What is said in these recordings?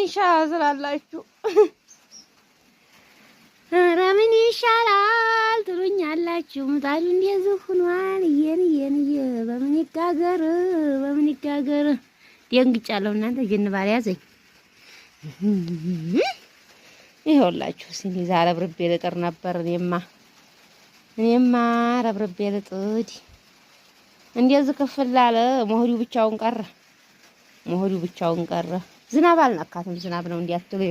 ምን ይሻላላችሁ? ኧረ ምን ይሻላል ትሉኛላችሁ። ምጣዱ እንደዚህ ሆኗል። እየን እየን በምን ይጋገር በምን ይጋገር ደንግጫለሁ። እናንተ ግን ያዘኝ። ይኸውላችሁ ሲኒ ዛሬ ረብርቤ ልጥር ነበር። እኔማ እኔማ ረብርቤ ልጥድ እንደዚህ ክፍል አለ። መሆዱ ብቻውን ቀረ። መሆዱ ብቻውን ቀረ። ዝናብ አልነካትም። ዝናብ ነው እንዲያትሉ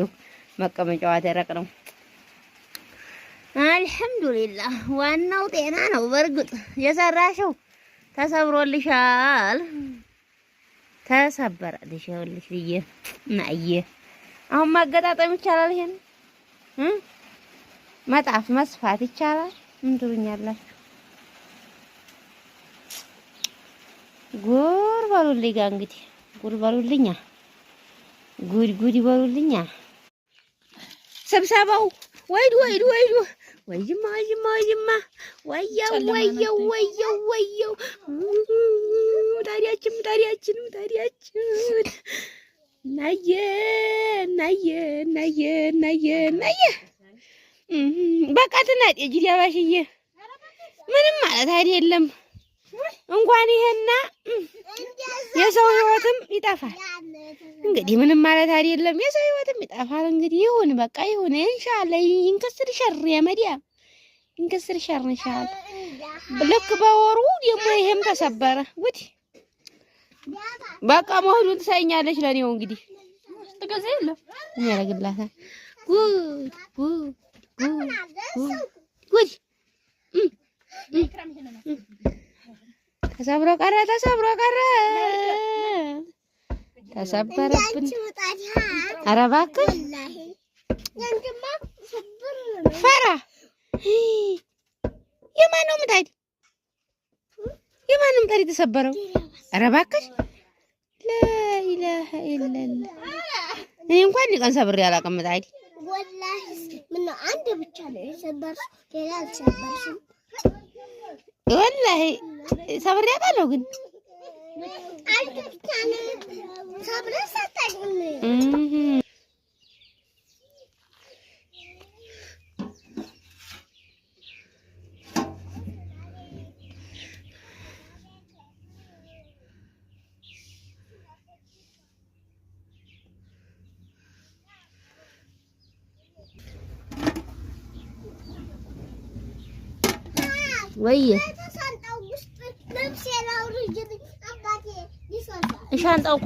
መቀመጫዋ ደረቅ ነው። አልሐምዱሊላህ ዋናው ጤና ነው። በእርግጥ የሰራሽው ተሰብሮልሻል፣ ተሰበረልሽ ይኸውልሽ ብዬ ማየ አሁን ማገጣጠም ይቻላል። ይሄን መጣፍ መስፋት ይቻላል። ምን ጉር በሉልኝ ጋ እንግዲህ ጉር በሉልኛ ጉድ ጉድ ይበሉልኛ። ስብሰባው ወይድ ወይድ ወይድ ወይማ ወይማ ወይማ ወየው ወየው ወየው ወየው ታዲያችን ታዲያችን ታዲያችን ናየ ናየ ናየ ናየ ናየ በቃ ትናጤ ጅዲያ ባሽዬ ምንም ማለት አይደለም። እንኳን ይሄና የሰው ህይወትም ይጠፋል። እንግዲህ ምንም ማለት አይደለም። የሰው ህይወትም ይጠፋል። እንግዲህ ይሁን በቃ ይሁን። ኢንሻአላህ ይንከስር ሸር የመዲያም ይንከስር ሸር ኢንሻአላህ። ልክ በወሩ ደግሞ ይሄም ተሰበረ። ውዲ በቃ መሆኑን ትሳይኛለች። ለኔው እንግዲህ ተገዘ የለም ያረግላታል። ጉድ ጉድ ጉድ tasabro kare tasabro kare tasabar pun ara baka fara yo mano mutai yo mano mutai tasabro ara baka la ilaha illallah ini kan ikan sabri ala kamutai Wallahi, ሰብሬ ባለው ግን ወይዬ ሻንጣው እኮ